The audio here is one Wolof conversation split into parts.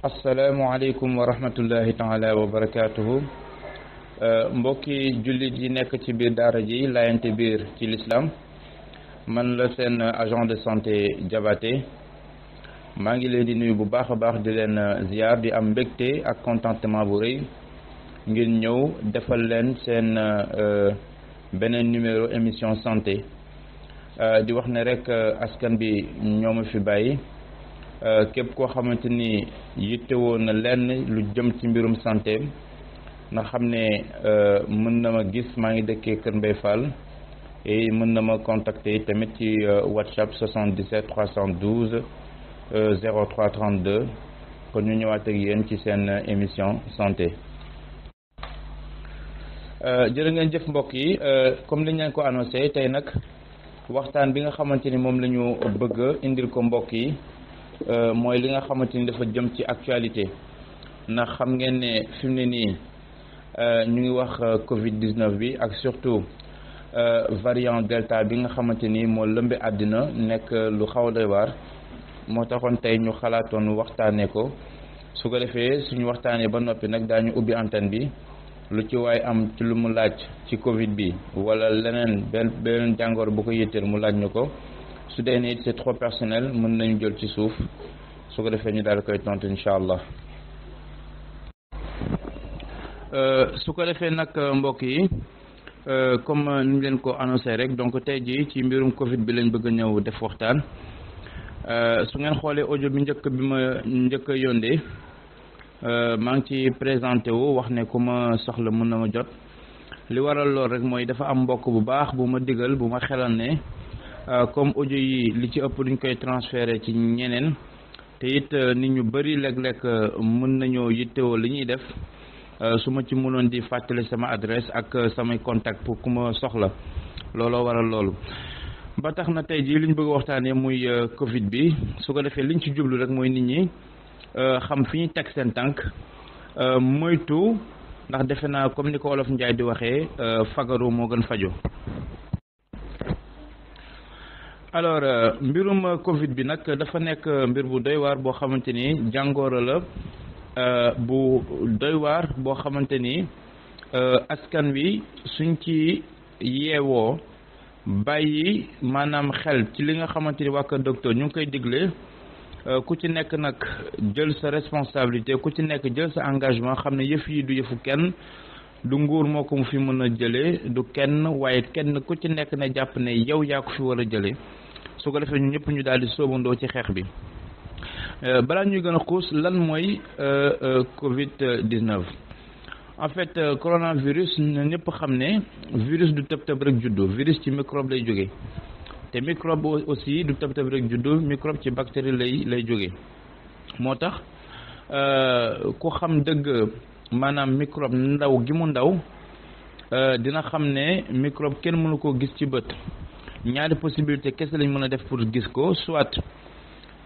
Assalamu alaykum wa rahmatullahi taala wa barakatuh. Euh, mbokki julit yi nek ci bir daara ji laayante bir ci l'islam man la sen agent de santé Diabaté maa ngi leen di nuyu bu baax baax ziar di am mbégte ak contentement bu rëy ngir ñëw defal leen seen euh, beneen numéro émission santé euh, di wax ne rek askan bi ñoo fi bàyyi Euh, képp koo xamante ni yittewoo na lenn lu jëm ci mbirum santé na xam ne euh, mën na ma gis maa ngi dëkkee Kër Mbaye Fall et mën na ma contacter tamit ci euh, WhatsApp 77 312 03 32 kon ñu ñëwaat ak yéen ci seen émission santé. jërë ngeen jëf mbokk yi comme ni ñu ko annoncé tey nag waxtaan bi nga xamante ni moom la ñu bëgg indil ko mbokk yi. Euh, mooy li nga xamante ni dafa jëm ci actualité ndax xam ngeen ne fi mu ne nii euh, ñu ngi wax euh, Covid 19 bi ak surtout variant delta bi nga xamante ni moo lëmbe àddina nekk lu xaw a doy moo taxoon tey ñu xalaatoon waxtaanee ko su ko defee suñu waxtaanee ba noppi nag daañu ubbi antenne bi lu ci waay am ci lu mu laaj ci Covid bi wala leneen benn beneen jàngoor bu ko yitteel mu laaj ñu ko. su dee ne c'est personnel mën nañu jël ci souf su ko ñu daal koy euh, su ko euh, mbokk yi euh, comme ñu leen ko annoncé rek donc tay ji ci mbirum Covid bi lañ bëgg ñëw def waxtaan su ngeen xolé audio bi bi ma présenter, euh ma ngi ci présenter wu wax ne ma li waral lool rek dafa am mbokk bu Ah, comme audio yi li ci ëpp duñ koy transférer ci ñeneen te it ah, nit ñu bëri léeg-léeg ah, mun nañoo yittewoo li ñuy def suma ci mënoon di fàttali sama adresse ak sama contact pour ku ma soxla looloo waral loolu ba tax na tey ji liñ bëgg waxtaanee muy covid bi su ko defee liñ ci jublu rek mooy nit ñi xam fi ñuy teg seen tànk moytu ndax defe naa comme ni ko olof njaay di waxee fagaru moo gën faju alors euh, mbirum Covid bi nag dafa nekk mbir bu doy boo xamante ni jàngooro la euh, bu doy boo xamante ni euh, askan wi suñ ci yeewoo bàyyi maanaam xel ci li nga xamante ni waa Kër Docteur ñu ngi koy digle ku ci nekk nag jël sa responsabilité ku ci nekk jël sa engagement xam ne yëf yi du yëfu kenn du nguur moo ko mu fi mën a jëlee du kenn waaye kenn ku ci nekk ne jàpp ne yow yaa ko fi war a jëlee. su ko defee ñun ñëpp ñu daal di soobandoo ci xex bi euh, balaa ñuy gën a xuus lan euh, euh Covid 19. en fait euh, coronavirus ñëpp xamné virus du tëb tëb rek juddo virus ci microbe lay joggé té microbe aussi du tëb tëb rek juddo microbe ci bactérie lay lay joggé motax euh ku xam deug manam microbe ndaw gi mu ndaw euh dina xamné microbe kenn mënu ko gis ci bëtt ñaari possibilité kese lañ mën a def pour gis ko soit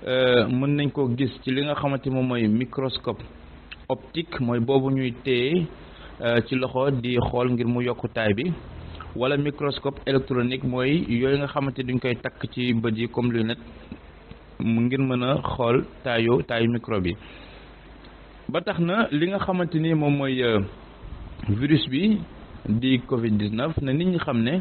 euh, mën nañ koo gis ci li nga xamante moom mooy microscope optique mooy boobu ñuy téye euh, ci loxo di xool ngir mu yokku taay bi wala microscope électronique mooy yooyu nga xamante duñ koy takk ci bët yi comme lunette mu ngir mën a xool taayu taayu micro bi ba tax na li nga xamante ni moom mooy euh, virus bi di Covid 19 na nit ñi xam ne.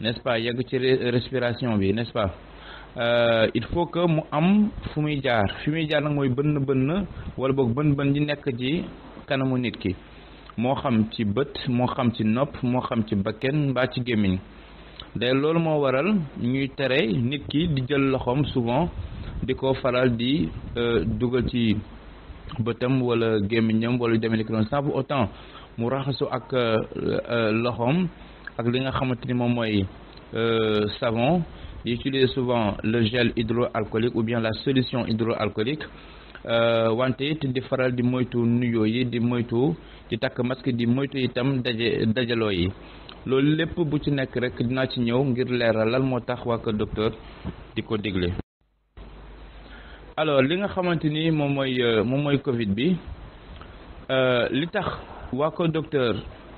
n'est-ce pas yegg ci respiration bi n'est-ce pas euh, il faut que mu am fu muy jaar fu muy jaar nag mooy bënn bënn wala boog bën bën di nekk ji kanamu nit ki moo xam ci bët moo xam ci nopp moo xam ci bakken mbaa ci gémmiñ day loolu moo waral ñuy tere nit ki di jël loxoom souvent di ko faral di euh, dugal ci bëtam wala gémmiñam wala demee ni ko noonu sans pour autant mu raxasu ak euh, loxoom ak li nga xamante ni moom euh, savon di utiliser souvent le gel hydroalcoolique ou bien la solution hydroalcoolique euh, wante it di faral di moytu nuyoo yi di moytu di tak masque di moytu itam daje dajaloo yi loolu lépp bu ci nekk rek dinaa ci ñëw ngir leeral lan tax Docteur diko ko digle. alors li nga xamante ni moom mooy euh, moom Covid bi li tax waa Docteur.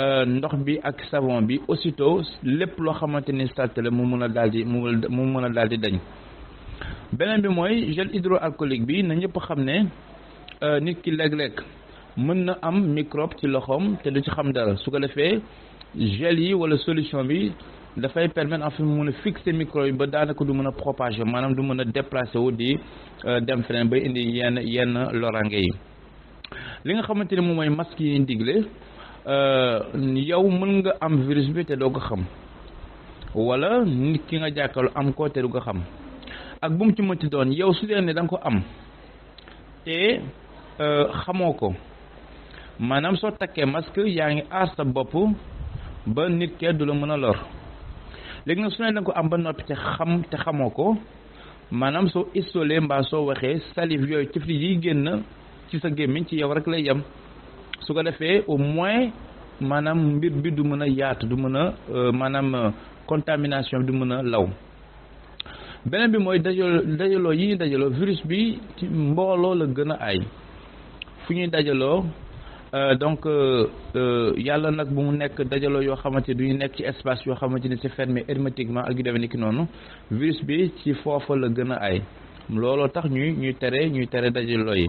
Euh, ndox bi ak savon bi aussitôt lepp lo xamanteni ni la mu mun daldi daal di mu mu mun dañ beneen bi moy gel hydroalcoolique bi na ñepp xamné euh nit ki leg leg mën na am microbe ci loxom te du ci xam dara su ko defee gel yi wala solution bi da fay permettre en fait mu mun fixer micro yi ba daanaka du mën propager manam du mën déplacer wu di euh, dem feneen ba indi yenn yenn lorange yi li nga xamanteni ni moy masque yi digle Euh, yow mën nga am virus bi te doo ko xam wala nit ki nga jàkkaarloo am ko te du ko xam ak bu mu ci mënti doon yow su dee ne danga nga ko am te euh, xamoo ko maanaam soo takkee masque yaa ngi aar sa bopp ba nit kee du la mën a lor léegi nag su ne da ko am ba noppi te xam te xamoo ko maanaam soo isolé mbaa soo waxee salive yooyu ci yi génn ci sa gémmiñ ci yow rek lay yem su ko defee au moins maanaam mbir bi du mën a yaatu du mën a euh, maanaam euh, contamination du mën a law beneen bi mooy dajalo dajaloo yi ñuy dajaloo virus bi ci mbooloo la gën a ay fu ñuy dajaloo euh, donc yàlla nag bu mu nekk dajaloo yoo xamante du ñu nekk ci espace yoo xamante ni c'est fermé hermétiquement ak yu demee niki noonu virus bi ci foofa la gën a ay looloo tax ñuy ñuy tere ñuy tere dajaloo yi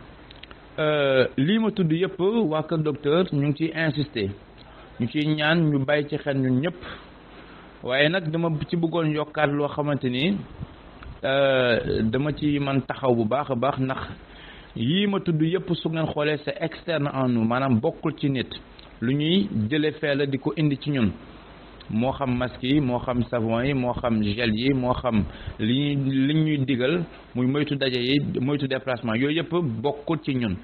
Euh, lii ma tudd yëpp waa kër docteur ñu ngi ciy insister ñu ciy ñaan ñu bàyyi ci xel ñun ñëpp waaye nag dama ci bëggoon yokkaat loo xamante ni euh, dama ci man taxaw bu baax a baax ndax yii ma tudd yëpp su ngeen xoolee c'est externe en nous maanaam bokkul ci nit lu ñuy jële fee di ko indi ci ñun moo Maski, masque yi moo xam savon yi moo xam gel yi moo xam déplacement yooyu yëpp ci ñun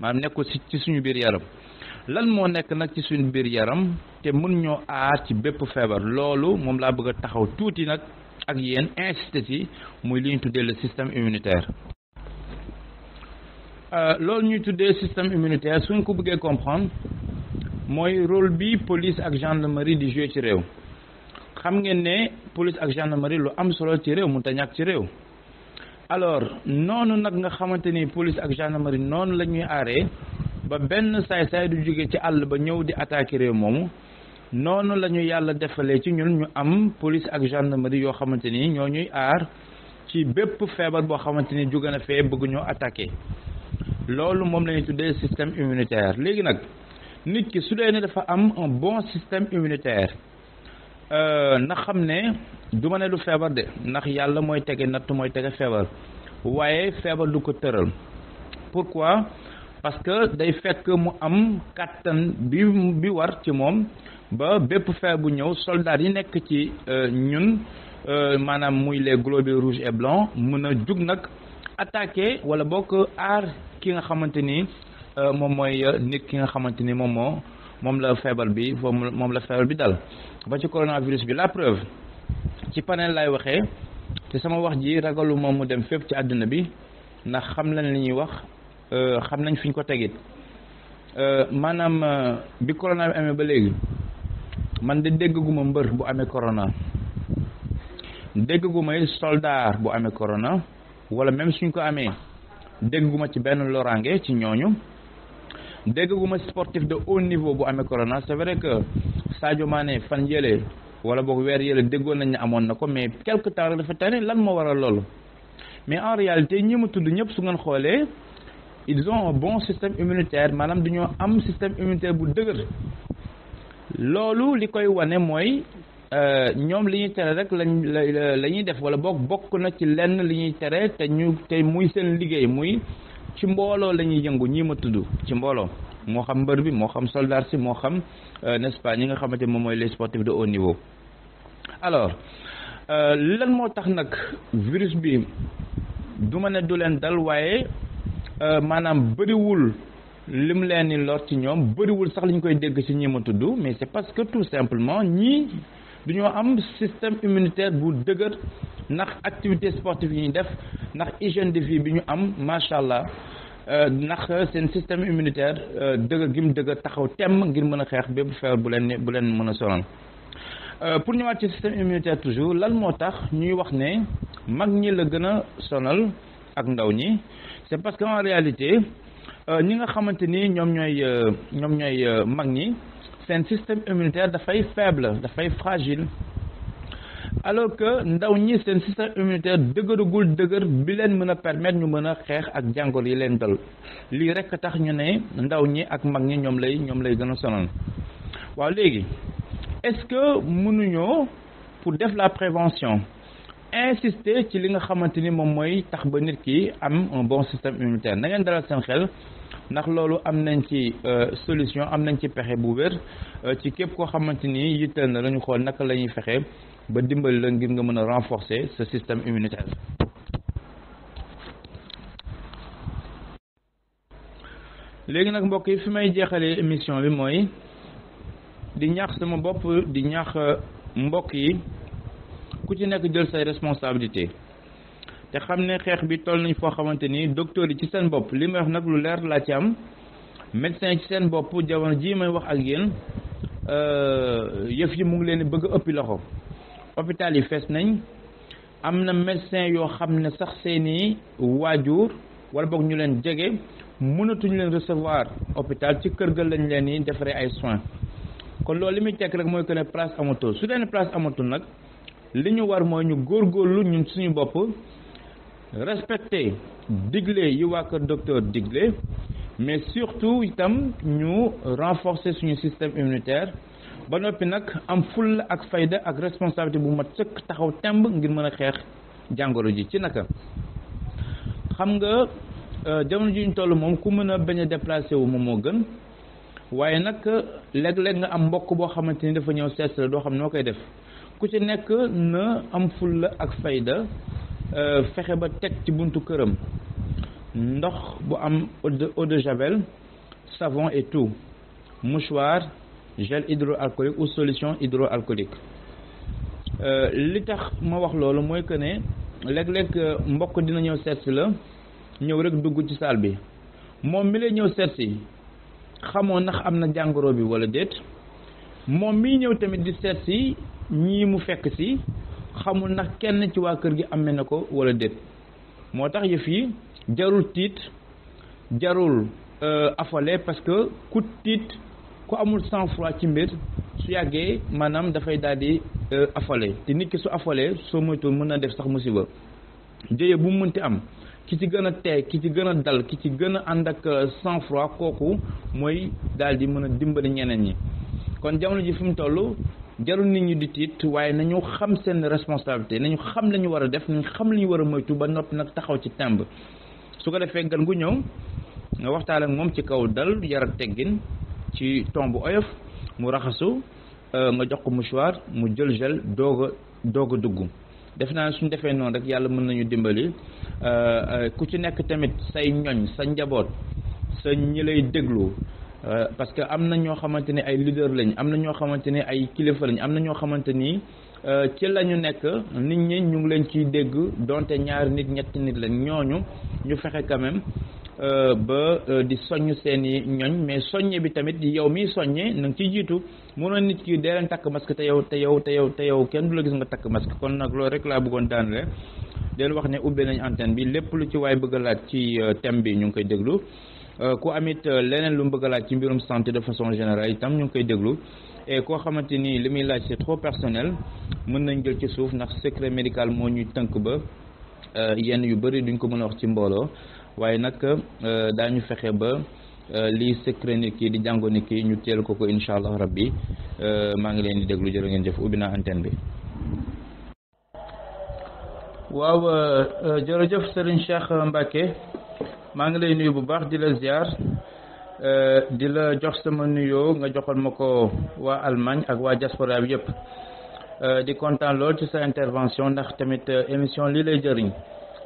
maanaam ci suñu yaram lan nekk ci suñu yaram te mën ñoo ci loolu laa bëgg a taxaw tuuti nag ak yéen insisté ci muy le système immunitaire. Euh, loolu ñuy tuddee système immunitaire suñ ko comprendre. mooy rôle bi police ak gendarmerie di jouer ci réew xam ngeen ne police ak gendarmerie lu am solo ci réew mu ta ñàkk ci réew alors noonu nag nga xamante ni police ak gendarmerie noonu la ñuy aaree ba benn saay-saay du jóge ci àll ba ñëw di attaquer réew moomu noonu la ñu yàlla defalee ci ñun ñu am police ak gendarmerie yoo xamante ni ñoo ñuy aar ci bépp feebar boo xamante ni jóge na fee bëgg ñoo loolu moom la tuddee système immunitaire léegi nag nit ki su dee ne dafa am un bon système immunitaire euh, na xam ne du ma ne du feebar de ndax yàlla mooy tege natt mooy tege feebar waaye feebar du ko tëral pourquoi parce que day fekk mu am kàttan bi bi war ci moom ba bépp feebar bu ñëw soldat yi nekk ci euh, ñun euh, maanaam muy les globules rouges et blancs mën a jug nag attaqué wala bokk aar ki nga xamante ni Euh, moom mooy euh, nit ki nga xamante ni moom moo moom la feebar bi moom la feebar bi dal ba ci coronavirus bi la preuve ci panel laay waxee te sama wax ji ragalu moom mu dem fépp ci àdduna bi ndax xam nañ li ñuy wax euh, xam nañ fi ñu ko tegit maanaam bi corona bi amee ba léegi man de déggaguma mbër bu amee corona déggaguma it soldaar bu amee corona wala même suñ ko amee déggaguma ci benn loraange ci ñooñu dégguma sportif de haut niveau bu amee corona c'est vrai que Sadio Mané fan yële wala boog weer yële déggoon nañ ne amoon na mais quelque temps rek dafa tane lan moo waral mais en réalité ñi tout tudd ñëpp su en colère. ils ont un bon système immunitaire maanaam dañoo am système immunitaire bu dëgër loolu li koy wane mooy euh, ñoom li ñuy tere rek lañ la la ñuy def wala boog bokk na ci lenn li ñuy tere te ñu te muy muy. ci mbooloo la ñuy yëngu ñii ma tudd ci mbooloo moo xam mbër bi moo xam soldat si moo xam euh, n'est-ce ñi nga xamante moom mooy les sportifs de haut niveau alors euh, lan moo tax nag virus bi du ma ne du leen dal waaye euh, maanaam bëriwul mu leen ni lor ci ñoom bëriwul sax lañu koy dégg ci ñi ma tudd mais c'est parce que tout simplement ñii du ñoo am système immunitaire bu dëgër ndax activité sportive yi ñu def ndax hygiène de vie bi ñu am macha allah euh, ndax seen système immunitaire euh, dëgg gim dëgg taxaw temm ngir mën a xeex bépp feebar bu leen bu leen mën a sonal euh, pour ñëwaat ci système immunitaire toujours lan moo tax ñuy wax ne mag ñi la gën a sonal ak ndaw ñi c'est parce que en réalité ñi nga xamante ni ñoom ñooy ñoom ñooy mag ñi seen système immunitaire dafay faible dafay fragile alors que ndaw ñi seen système immunitaire dëgëragul dëgër bi leen mën a permettre ñu mën a xeex ak jàngoro yi leen dal lii rek tax ñu ne ndaw ñi ak mag ñi ñoom lay ñoom lay gën a sonal waaw léegi est-ce que mënuñoo pour def la prévention insister ci li nga xamante ni moom mooy tax ba nit ki am un bon système immunitaire na ngeen dalal seen xel ndax loolu am nañ ci euh, solution am nañ ci pexe bu wér euh, ci képp koo xamante ni yitteel na la xool naka la ñuy fexe ba dimbali la ngir nga mën a renforcer sa système immunitaire léegi nag mbokk yi fi may jeexalee émission bi mooy di ñaax sama bopp di ñax euh, mbokk yi ku ci nekk jël say responsabilité te xam ne xeex bi toll nañ foo xamante ni docteur yi ci seen bopp li may wax nag lu leer laa ci am médecin yi ci seen bopp jamono ji may wax ak yéen euh, yëf yi mu ngi leen bëgg a ëppi loxo hôpital yi fess nañ am na médecin yoo xam ne sax seeni waajur wala boog ñu leen jege mënatuñu leen recevoir hôpital ci kër ga lañ leen di defaree ay soins kon loolu li muy tekk rek mooy que ne place amatul su dee place amatul nag li ñu war mooy ñu góorgóorlu ñun suñu bopp respecter digle yi waa kër docteur digle mais surtout itam ñu renforcer suñu système immunitaire. ba noppi nag am fulla ak fayda ak responsabilité bu mat sëkk taxaw temb ngir mën a xeex jàngoro ji ci naka xam nga euh, jamono ji ñu toll moom ku mën a bañ a déplacé wu moom moo gën waaye nag léeg-léeg nga am mbokk boo xamante ni dafa ñëw seet la doo xam noo koy def ku ci nekk na am fulla ak fayda euh, fexe ba teg ci buntu këram ndox bu am eau de javel savon et tout mouchoir gel hydroalcoolique ou solution hydroalcoolique euh, li tax ma wax loolu mooy que ne léeg-léeg euh, mbokk dina ñëw seet si la ñëw rek dugg ci saal bi moom mi lay ñëw seet si xamoo ndax am na jàngoro bi wala déet moom miy ñëw tamit di seet si mu fekk ci xamul nak kenn ci wa kër gi amé nako wala déet motax tax yëf yi jarul tit jarul euh affolé parce que ku tit ku amul sang-froid ci mbir su yàggee maanaam dafay daal di euh, afale te nit ki su afalee soo moytuwul mën na def sax musiba jëye bu mu mënti am ki ci gën a tey ki ci gën a dal ki ci gën a ànd ak euh, sang-froid kooku mooy daal di mën a dimbali ñeneen ñi kon jamono ji fi mu toll jarul nit ñi di tiit waaye nañu xam seen responsabilité nañu xam lañu ñu war a def nañu xam la ñu war a moytu ba noppi nag taxaw ci tàmb su ko defee gan gu ñëw nga waxtaan ak moom ci kaw dal yar ak ci tomb oyof mu raxasu euh, nga jox ko mouchoir mu jël gel doog a doog a dugg def naa suñ defee noonu rek yàlla mën nañu dimbali euh, euh, ku ci nekk tamit say ñoñ sa njaboot sa ñi lay déglu parce que am na ñoo xamante ni ay leader lañ am na ñoo xamante ni ay kilifa lañ am na ñoo xamante ni ci la ñu nekk nit ñi ñu ngi leen ciy dégg donte ñaari nit ñetti nit lañ ñooñu ñu fexe quand Euh, ba euh, di soññ seeni i ñoñ mais soññe bi tamit yow mi soññe na nga ciy jiitu mënoon nit ki dee leen takk masque te yow te yow te yow te yow kenn du la gis nga takk masque kon nag loolu rek laa bëggoon daanale leen wax ne ubbe nañ antenne bi lépp lu ci waaye bëgg a laaj ci euh, thème bi ñu ngi koy déglu ku amit leneen lu mu bëgg a laaj ci mbirum santé de façon générale itam ñu ngi koy déglu et koo xamante ni li muy laaj c'est trop personnel mën nañ jël ci suuf ndax secr médical moo ñuy tënk ba yenn yu bëri duñ ko mën a wax ci mbooloo waaye nag euh, daañu fexe ba euh, li secret kii di jàngo ni kii ñu teel ko ko incha allah rabbi euh, maa ngi leen di déglu jërë ngeen jëf ubbi naa antenne bi. waaw jërëjëf Serigne Cheikh Mbacke maa ngi lay nuyu bu baax di la ziar di la jox sama nuyoo nga joxal ma ko waa Allemagne ak waa diaspora bi yëpp di kontaan lool ci sa intervention ndax tamit émission lii lay jëriñ.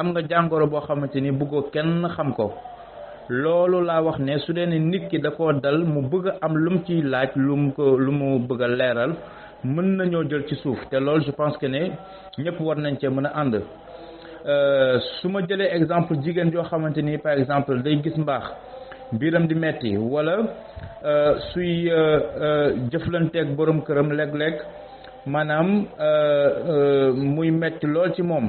am nga jàngoro boo xamante ni bëggoo kenn xam ko loolu laa wax ne su dee ne nit ki da ko dal mu bëgg am lum ciy laaj lum ko lu mu bëgg a leeral mën nañoo jël ci suuf te loolu je pense que ne ñëpp war nañ cee mën a ànd euh, su ma jëlee exemple jigéen joo xamante ni par exemple day gis mbaax biiram di metti wala euh, suy euh, jëflanteeg borom këram léeg-léeg maanaam muy metti lool ci moom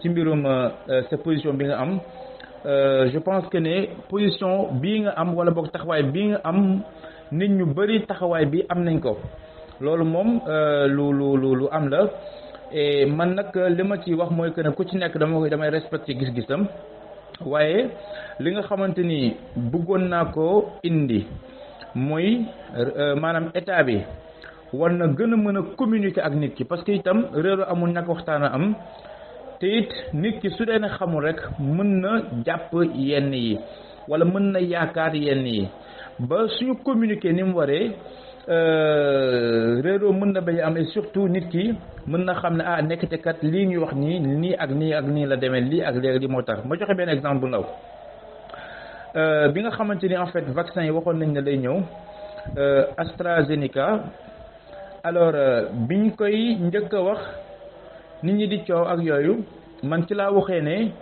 ci mbirum euh, euh, sa position bi nga am euh, je pense que ne position bii nga am wala boog taxawaay bii nga am nit ñu bëri taxawaay bi am nañ ko loolu moom lu lu lu am la e man nag li ma ci wax mooy que ne ku ci nekk dama koy damay respecté gis-gisam waaye li nga xamante ni bëggoon naa ko indi mooy maanaam état bi war na gën a mën a communiqué ak nit ki parce que itam réero amul ñàkk waxtaan a am te it nit ki su dee ne xamul rek mën na jàpp yenn yi wala mën na yaakaar yenn yi ba suñu communiquer ni mu waree euh, réeroo mën na bañ am et surtout nit ki mën na xam ne ah nekkte kat lii ñuy wax nii nii ak nii ak nii la demee nii ak léegi li moo tax ma joxe benn exemple bu ndaw euh, bi nga xamante ni en fait vaccin yi waxoon nañ ne lay ñëw euh, AstraZeneca alors biñ koy njëkk a wax. nit ñi di coow ak yooyu man ci laa waxee ne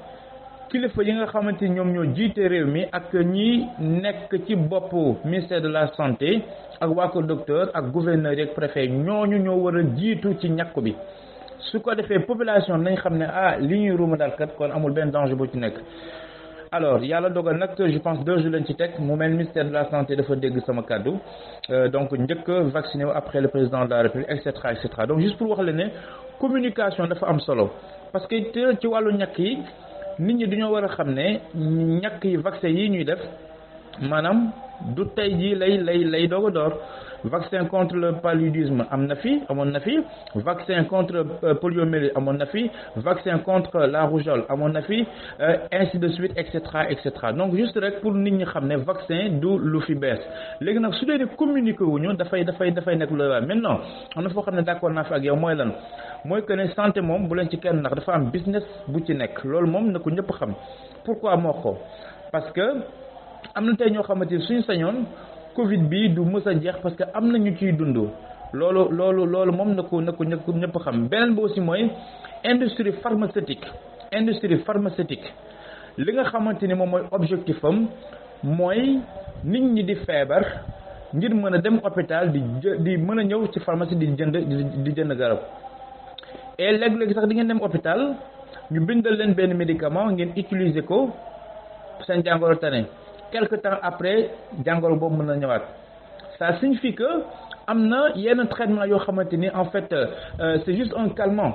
kilifa yi nga xamante ñoom ñoo jiite réew mi ak ñi nekk ci bopp ministère de la santé ak waa ko docteur ak gouverneur yeeg préfet ñooñu ñoo war a jiitu ci ñàkk bi su ko defee population nañ xam ne ah li ñuy ruuma daal kon amul benn danger bu ci nekk alors il y a dogal nak je pense deux jours ministère de la santé dafa sama euh, donc vacciné après le président de la république etc. donc juste pour wax la communication dafa am solo parce que ci walu ñak yi nit ñi yi yi ñuy def du lay vaccin contre le paludisme am na fi na fi vaccin contre euh, poliomyélite à na fi vaccin contre la rougeole amoon na fi euh, ainsi de suite etc., etc. donc juste rek pour nit ñi xamné vaccin du lu fi bess légui nak su dee ne communiqué wuñu dafay dafay dafay nekk lu waay maintenant am na foo ne d'accord na fi ak yow moy lan moy que né santé mom bu len ci kenn ndax dafa am business bu ci nek lool mom nako ñëpp xam pourquoi moo parce que amna tay tey ñoo xamante suñu sañon Covid bi du mës jeex parce que am na ñu ciy dund loolu loolu loolu moom na ko na ko ñëpp xam beneen bi si mooy industrie pharmaceutique industrie pharmaceutique li nga xamante ni moom mooy objectif am mooy nit ñi di feebar ngir mën a dem hôpital di di mën a ñëw ci pharmacie di jënd di jënd garab et léeg-léeg sax di ngeen dem hôpital ñu bindal leen benn médicament ngeen utiliser ko seen jàngoro tane quelque temps après jàngoro bobu meuna ñëwaat ça signifie que amna na yenn traitement yo xamante en fait euh, euh, c'est juste un calmant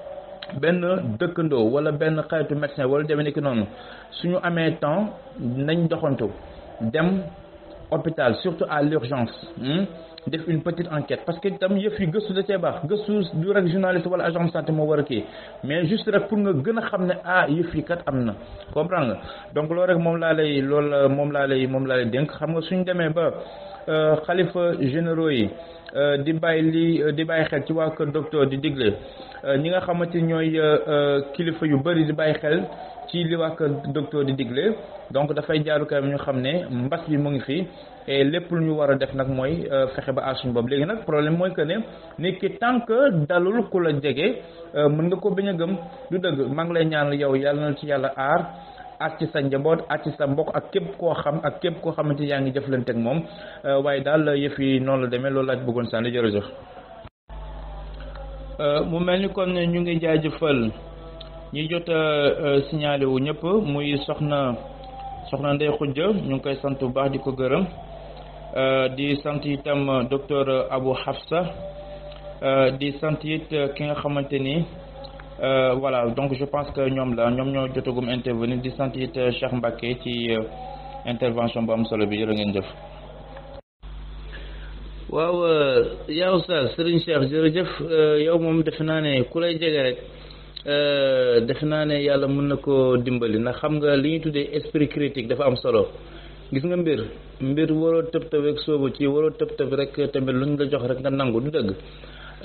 ben dëkkandoo wala ben xaytu médecin wala demé ni ki noonu suñu amé temps nañ doxantu dem hôpital surtout à l'urgence hmm? def une petite enquête parce que tam yëf yi gëstu da cee baax gëstu du rek journaliste wala agent de santé mo wara a mais juste rek pour nga gën a xam ah yëf yi kat amna comprendre nga donc loolu rek mom la lay loolu mom la lay mom la lay denk xam nga suñu démé ba euh khalifa généraux yi euh di bay li euh, di bay xel ci wa kër docteur di digle euh, ñi nga ñoy euh, euh kilifa yu bari di bay xel ci li waa kër docteur di digle donc dafay jaaru kanam ñu xam ne mbas bi mu ngi fi et lépp lu ñu war a def nag mooy euh, fexe ba aar suñu bopp léegi nag problème mooy que ne nit ki tant que dalul ku la jege euh, mën nga ko bañ a gëm du dëgg maa ngi lay ñaanal yow yàlla na ci yàlla aar ak ci sa njaboot ak ci sa mbokk ak képp koo xam ak képp koo xamante yaa ngi jëflante ak moom euh, waaye daal yëf yi noonu la demee loolu laa ci bëggoon sànni jërëjëf. mu mel ni kon ñu ngi jaajëfal. ñi jot signalé wu ñëpp muy soxna soxna ñu koy baax di docteur Abou Hafsa di sant ki nga voilà donc je pense que ñoom la ñoom ñoo jotagum intervenir di sant Cheikh ci intervention bu am solo bi jërë ngeen jëf. waaw euh, Cheikh rek. Euh, defe naa ne yàlla mën na koo dimbali ndax xam nga li ñuy tuddee esprit critique dafa am solo gis nga mbir mbir waroo tëb tëb rek soobu ci waroo tëb tëb rek tamit lu ñu la jox rek nga nangu du dëgg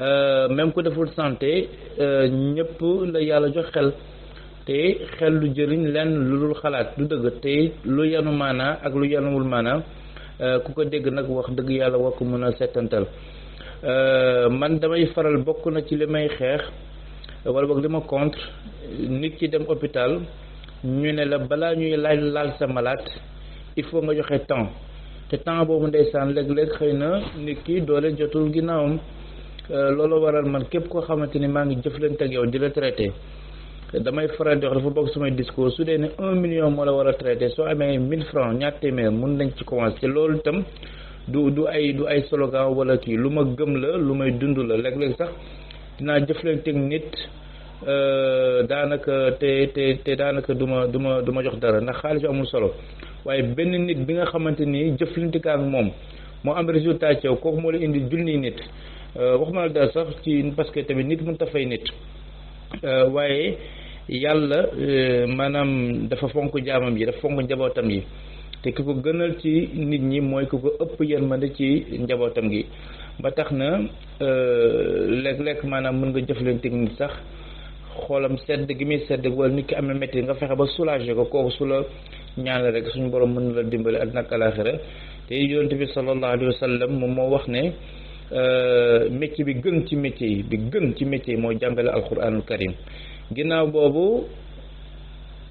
euh, même ku deful santé euh, ñëpp la yàlla jox xel te xel lu jëriñ lenn lu dul xalaat du dëgg te lu yanu maanaa ak lu yanuwul maanaa ku ko dégg nag wax dëgg yàlla war ko mën a settantal man damay faral bokk na ci li may xeex Euh, wala boog li ma contre nit ki dem hôpital ñu ne la bala ñuy laaj laal sa malade il faut nga joxe temps te temps boobu ndeysaan leg leg xeyna nit ki doole jotul ginnaawam euh, loolu waral man képp ko xamanteni ni maa ngi jëflante ak yow di la traité damay faral di wax dafa bokk samay discours su dee ne un million moo la war a traité soo amee mille francs ñaar téeméer mun nañ ci commencé te loolu tam du du ay du ay slogan wala kii lu ma gëm la lu may dund la léeg-léeg sax. dinaa jëflanteeg nit euh, daanaka te te te daanaka du ma duma ma jox dara ndax xaalis amul solo waaye benn nit bi nga xamante ni jëflante ak moom moo am résultat ci kooku moo la indi junniy nit euh, waxuma la dara sax ci parce que tamit nit mënut a fay nit euh, waaye yàlla maanaam dafa fonk jaamam yi dafa fonk njabootam yi te ki ko gënal ci nit ñi mooy ki ko ëpp yërmande ci njabootam gi ba tax na Euh, léeg-léeg maanaam mën nga jëf jëflanteeg nit sax xoolam sedd gi muy sedd wala nit ki am na métti nga fexe ba soulager ko kooku su la ñaanal rek suñu boroom mën na la dimbale àddina ak alaaxira te yonent bi sallallahu alayhi wa sallam moom moo wax ne euh, métier bi gën ci métier yi bi gën ci métier yi mooy jàngale alquranul karim ginnaaw boobu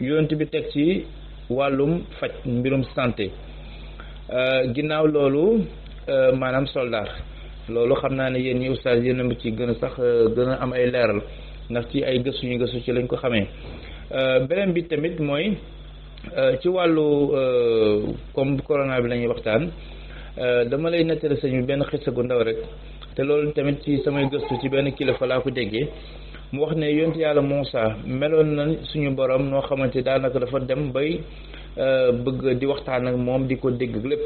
yonent bi teg ci wàllum faj mbirum santé euh, ginnaaw loolu maanaam soldaar. loolu xam naa ne yéen ñi oustaz yéen a ma ci gën a sax euh, gën a am ay leeral ndax ci ay gëstu ñu gëstu ci lañ ko xamee euh, beneen bi tamit mooy euh, ci wàllu comme corona bi la ñuy waxtaan dama lay nettali sañu benn xisa gu ndaw rek te loolu tamit ci samay gëstu ci benn kilifa laa ko déggee mu wax ne yonent yàlla moom saa meloon na suñu borom noo xamante daanaka dafa dem bay bëgg di waxtaan ak moom di ko dégg lépp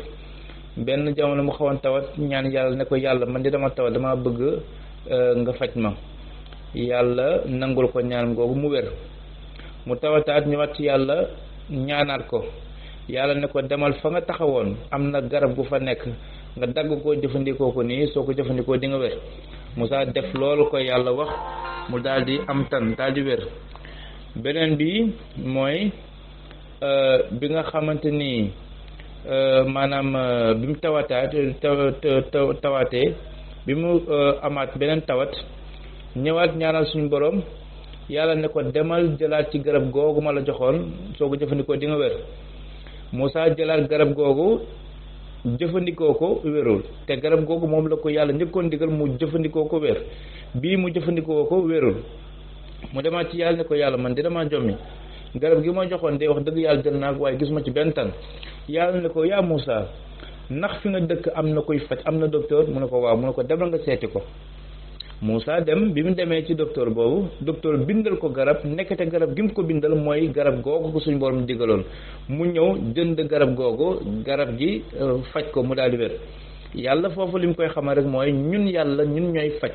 benn jamono mu xawoon tawat ñaan yàlla ne ko yàlla man di dama tawat dama bëgg euh, nga faj ma yàlla nangul ko ñaan googu mu wér mu tawataat ñëwaat ci yàlla ñaanaat ko yàlla ne ko demal fa nga taxawoon am na garab gu fa nekk nga dagg koo jëfandikoo ko nii soo ko jëfandikoo di nga mu saa def loolu ko yàlla wax mu daal di am tan daal di wér beneen bi mooy euh, bi nga xamante nii maanaam bi mu tawataat tawatee bi mu amaat beneen tawat ñëwaat ñaanal suñu borom yàlla ne ko demal jëlaat ci garab googu ma la joxoon soo ko jëfandikoo di nga wér Moussa jëlaat garab googu jëfandikoo ko wérul te garab googu moom la ko yàlla njëkkoon digal mu jëfandikoo ko wér bii mu jëfandikoo ko wérul mu demaat ci yàlla ne ko yàlla man dina maa jommi garab gi moo joxoon de wax dëgg yàlla jël naa ko waaye ma ci benn tan yàlla ne ko yaa Moussa ndax fi nga dëkk am na koy faj am na docteur mu ne ko waaw mu ne ko demal nga seeti ko Moussa dem bi mu demee ci docteur boobu docteur bindal ko garab nekkate garab gi mu ko bindal mooy garab googu suñu suñ borom digaloon mu ñëw jënd garab googu garab gi euh, faj ko mu daal di wér yàlla foofu li mu koy xamal rek mooy ñun yàlla ñun ñooy faj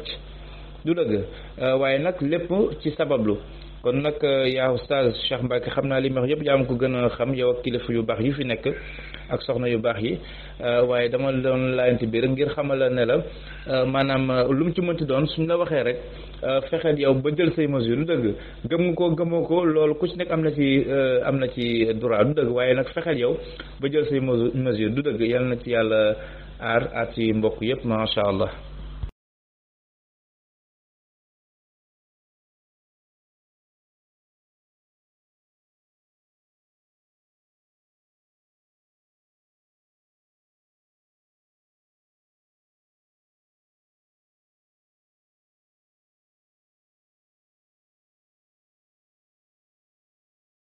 du dëgg euh, waaye nag lépp ci sabablu kon nag euh, yaa oustaz Cheikh Mbacke xam naa li ma yëpp yaa ma ko gën a xam yow ak kilifa yu baax yu fi nekk ak soxna yu baax yi euh, waaye dama doon laajante bi ngir xamala ne la euh, maanaam lu mu ci mënti doon suñ la waxee rek fexeel yow ba jël say mesures du dëgg gëm nga ko gëmoo ko loolu ku ci nekk am na ci am na ci droit du dëgg waaye nag fexeel yow ba jël say mesures du dëgg yal na ci yàlla aar aar ci mbokk yëpp macha allah.